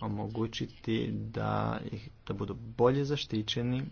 omogućiti da, ih, da budu bolje zaštićeni